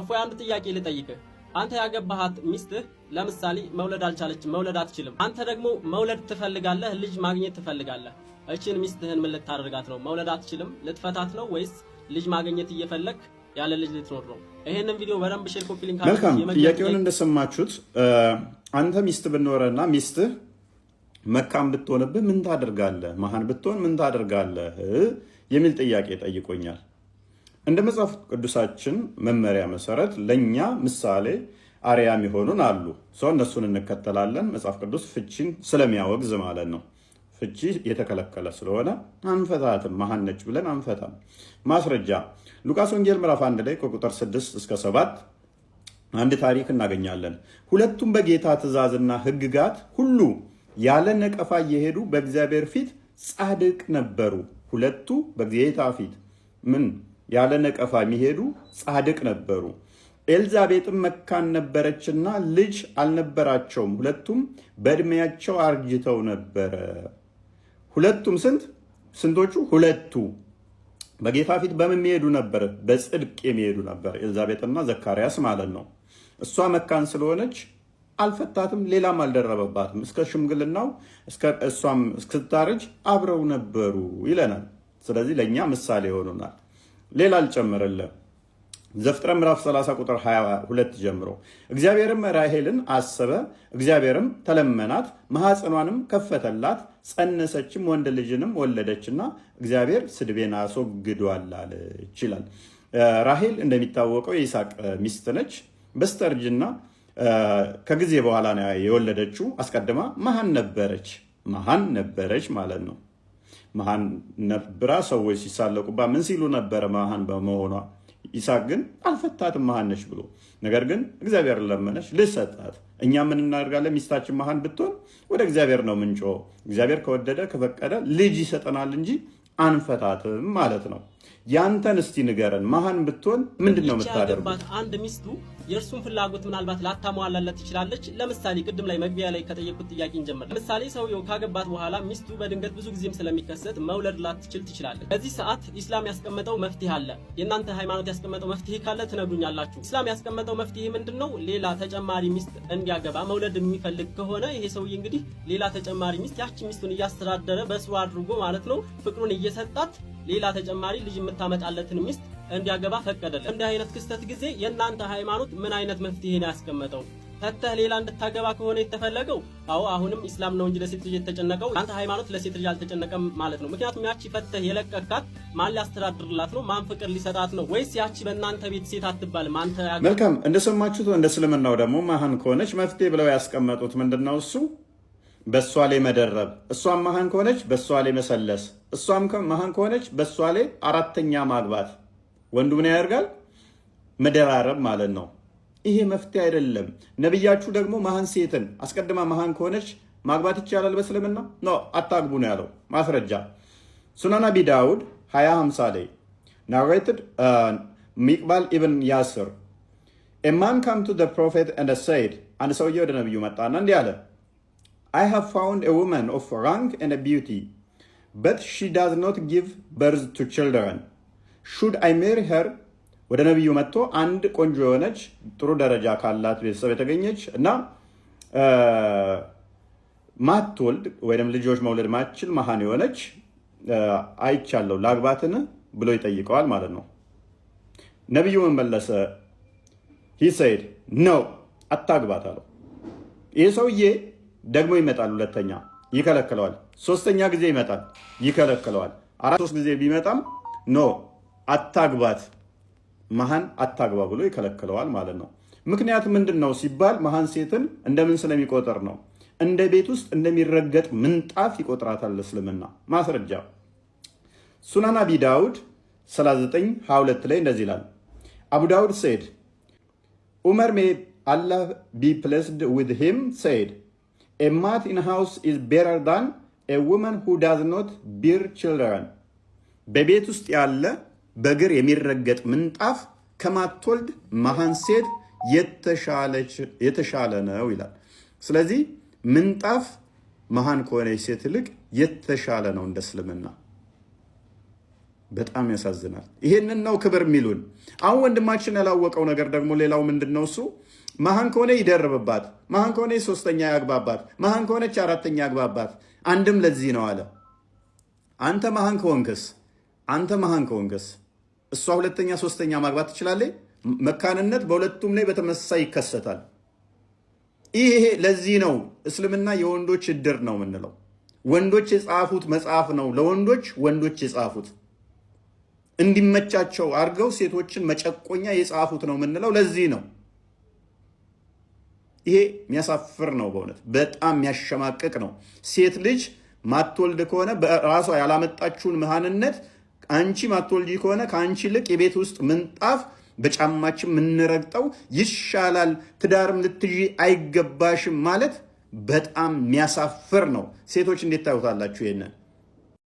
እፎይ አንድ ጥያቄ ልጠይቅህ። አንተ ያገባሃት ሚስትህ ለምሳሌ መውለድ አልቻለች፣ መውለድ አትችልም። አንተ ደግሞ መውለድ ትፈልጋለህ፣ ልጅ ማግኘት ትፈልጋለህ። እችን ሚስትህን ምን ልታደርጋት ነው? መውለድ አትችልም፣ ልትፈታት ነው ወይስ ልጅ ማግኘት እየፈለግ ያለ ልጅ ልትኖር ነው? ይህንን ቪዲዮ በደንብ ሼር፣ ኮፒ ሊንክ። መልካም ጥያቄውን እንደሰማችሁት። አንተ ሚስት ብንኖረና ሚስትህ መካም ብትሆንብህ ምን ታደርጋለህ? መሀን ብትሆን ምን ታደርጋለህ? የሚል ጥያቄ ጠይቆኛል። እንደ መጽሐፍ ቅዱሳችን መመሪያ መሰረት ለእኛ ምሳሌ አሪያ የሚሆኑን አሉ። ሰው እነሱን እንከተላለን። መጽሐፍ ቅዱስ ፍቺን ስለሚያወግዝ ማለት ነው። ፍቺ የተከለከለ ስለሆነ አንፈታትም፣ መሀነች ብለን አንፈታም። ማስረጃ ሉቃስ ወንጌል ምዕራፍ 1 ላይ ከቁጥር 6 እስከ 7 አንድ ታሪክ እናገኛለን። ሁለቱም በጌታ ትእዛዝና ሕግጋት ሁሉ ያለ ነቀፋ እየሄዱ በእግዚአብሔር ፊት ጻድቅ ነበሩ። ሁለቱ በጌታ ፊት ምን ያለ ነቀፋ የሚሄዱ ጻድቅ ነበሩ። ኤልዛቤጥም መካን ነበረችና ልጅ አልነበራቸውም። ሁለቱም በእድሜያቸው አርጅተው ነበረ። ሁለቱም ስንት ስንቶቹ? ሁለቱ በጌታ ፊት በምን የሚሄዱ ነበር? በጽድቅ የሚሄዱ ነበር። ኤልዛቤጥና ዘካርያስ ማለት ነው። እሷ መካን ስለሆነች አልፈታትም፣ ሌላም አልደረበባትም። እስከ ሽምግልናው እሷም እስክታረጅ አብረው ነበሩ ይለናል። ስለዚህ ለእኛ ምሳሌ ይሆኑናል። ሌላ አልጨመረልህም። ዘፍጥረ ምዕራፍ 30 ቁጥር 22 ጀምሮ እግዚአብሔርም ራሄልን አሰበ፣ እግዚአብሔርም ተለመናት፣ ማኅፀኗንም ከፈተላት፣ ጸነሰችም፣ ወንድ ልጅንም ወለደችና እግዚአብሔር ስድቤን አስወግዷል አለች ይላል። ራሄል እንደሚታወቀው የይስሐቅ ሚስት ነች። በስተርጅና ከጊዜ በኋላ የወለደችው። አስቀድማ መሃን ነበረች መሃን ነበረች ማለት ነው። መሃን ነብራ ሰዎች ሲሳለቁ ምን ሲሉ ነበረ? መሃን በመሆኗ ይስሐቅ ግን አልፈታትም መሀን ነች ብሎ ነገር ግን እግዚአብሔር ለመነች ልሰጣት። እኛ ምን እናደርጋለን? ሚስታችን መሃን ብትሆን ወደ እግዚአብሔር ነው ምንጮ። እግዚአብሔር ከወደደ ከፈቀደ ልጅ ይሰጠናል እንጂ አንፈታትም ማለት ነው። ያንተን እስቲ ንገረን። መሀን ብትሆን ምንድን ነው የምታደርጉት? አንድ ሚስቱ የእርሱን ፍላጎት ምናልባት ላታሟላለት ትችላለች። ለምሳሌ ቅድም ላይ መግቢያ ላይ ከጠየቁት ጥያቄ እንጀምር። ለምሳሌ ሰውየው ካገባት በኋላ ሚስቱ በድንገት ብዙ ጊዜም ስለሚከሰት መውለድ ላትችል ትችላለች። በዚህ ሰዓት ኢስላም ያስቀመጠው መፍትሄ አለ። የእናንተ ሃይማኖት ያስቀመጠው መፍትሄ ካለ ትነግሩኛላችሁ። ኢስላም ያስቀመጠው መፍትሄ ምንድን ነው? ሌላ ተጨማሪ ሚስት እንዲያገባ መውለድ የሚፈልግ ከሆነ ይሄ ሰውዬ እንግዲህ ሌላ ተጨማሪ ሚስት ያቺ ሚስቱን እያስተዳደረ በሱ አድርጎ ማለት ነው ፍቅሩን እየሰጣት ሌላ ተጨማሪ ልጅ የምታመጣለትን ሚስት እንዲያገባ ፈቀደለት። እንዲህ አይነት ክስተት ጊዜ የእናንተ ሃይማኖት ምን አይነት መፍትሄ ነው ያስቀመጠው? ፈተህ ሌላ እንድታገባ ከሆነ የተፈለገው አዎ አሁንም ኢስላም ነው እንጂ ለሴት ልጅ የተጨነቀው አንተ ሃይማኖት ለሴት ልጅ አልተጨነቀም ማለት ነው። ምክንያቱም ያቺ ፈተህ የለቀካት ማን ሊያስተዳድርላት ነው? ማን ፍቅር ሊሰጣት ነው? ወይስ ያቺ በእናንተ ቤት ሴት አትባልም? አንተ መልካም እንደሰማችሁት እንደ እስልምናው ደግሞ መሀን ከሆነች መፍትሄ ብለው ያስቀመጡት ምንድነው እሱ በእሷ ላይ መደረብ፣ እሷም መሃን ከሆነች በእሷ ላይ መሰለስ፣ እሷም መሃን ከሆነች በእሷ ላይ አራተኛ ማግባት። ወንዱ ምን ያደርጋል? መደራረብ ማለት ነው። ይሄ መፍትሄ አይደለም። ነቢያችሁ ደግሞ መሃን ሴትን አስቀድማ መሃን ከሆነች ማግባት ይቻላል በእስልምና ኖ አታግቡ ነው ያለው። ማስረጃ ሱናን አቢ ዳውድ 250 ላይ ናሬትድ uh, ሚቅባል ኢብን ያስር ኤማን ካም ቱ ፕሮፌት ሰይድ አንድ ሰውዬ ወደ ነቢዩ መጣና እንዲህ አለ I have found a woman of rank and a beauty, but she does not give birth to children. Should I marry her? ወደ ነቢዩ መጥቶ አንድ ቆንጆ የሆነች ጥሩ ደረጃ ካላት ቤተሰብ የተገኘች እና ማትወልድ ወይም ልጆች መውለድ ማችል መሀን የሆነች አይቻለሁ ላግባትን ብሎ ይጠይቀዋል ማለት ነው። ነቢዩ ምን ሂ ሰይድ ነው አታግባት አለው። ይህ ሰውዬ ደግሞ ይመጣል። ሁለተኛ ይከለክለዋል። ሶስተኛ ጊዜ ይመጣል፣ ይከለክለዋል። አራት ሶስት ጊዜ ቢመጣም ኖ አታግባት መሀን አታግባ ብሎ ይከለክለዋል ማለት ነው። ምክንያት ምንድን ነው ሲባል መሀን ሴትን እንደምን ስለሚቆጠር ነው። እንደ ቤት ውስጥ እንደሚረገጥ ምንጣፍ ይቆጥራታል እስልምና። ማስረጃ ሱናን አቢ ዳውድ 3922 ላይ እንደዚህ ይላል። አቡ ዳውድ ሰይድ ኡመር ሜ አላህ ቢ ፕለስድ ዊድ ሂም ሰይድ a mat in house is better than a woman who does not bear children በቤት ውስጥ ያለ በእግር የሚረገጥ ምንጣፍ ከማትወልድ መሃን ሴት የተሻለ ነው ይላል። ስለዚህ ምንጣፍ መሃን ከሆነች ሴት ይልቅ የተሻለ ነው እንደ እስልምና። በጣም ያሳዝናል። ይሄንን ነው ክብር የሚሉን። አሁን ወንድማችን ያላወቀው ነገር ደግሞ ሌላው ምንድን ነው እሱ መሀን ከሆነ ይደርብባት፣ መሀን ከሆነ ሶስተኛ ያግባባት፣ መሀን ከሆነች አራተኛ ያግባባት። አንድም ለዚህ ነው አለ አንተ መሀን ከሆንክስ አንተ መሀን ከሆንክስ እሷ ሁለተኛ ሶስተኛ ማግባት ትችላለች። መካንነት በሁለቱም ላይ በተመሳሳይ ይከሰታል። ይሄ ለዚህ ነው እስልምና የወንዶች እድር ነው የምንለው። ወንዶች የጻፉት መጽሐፍ ነው። ለወንዶች ወንዶች የጻፉት እንዲመቻቸው አድርገው ሴቶችን መጨቆኛ የጻፉት ነው የምንለው ለዚህ ነው። ይሄ የሚያሳፍር ነው። በእውነት በጣም የሚያሸማቅቅ ነው። ሴት ልጅ ማትወልድ ከሆነ በራሷ ያላመጣችውን መሃንነት አንቺ ማትወልጂ ከሆነ ከአንቺ ልቅ የቤት ውስጥ ምንጣፍ በጫማችን የምንረግጠው ይሻላል፣ ትዳርም ልትይ አይገባሽም ማለት በጣም የሚያሳፍር ነው። ሴቶች እንዴት ታዩታላችሁ ይሄንን?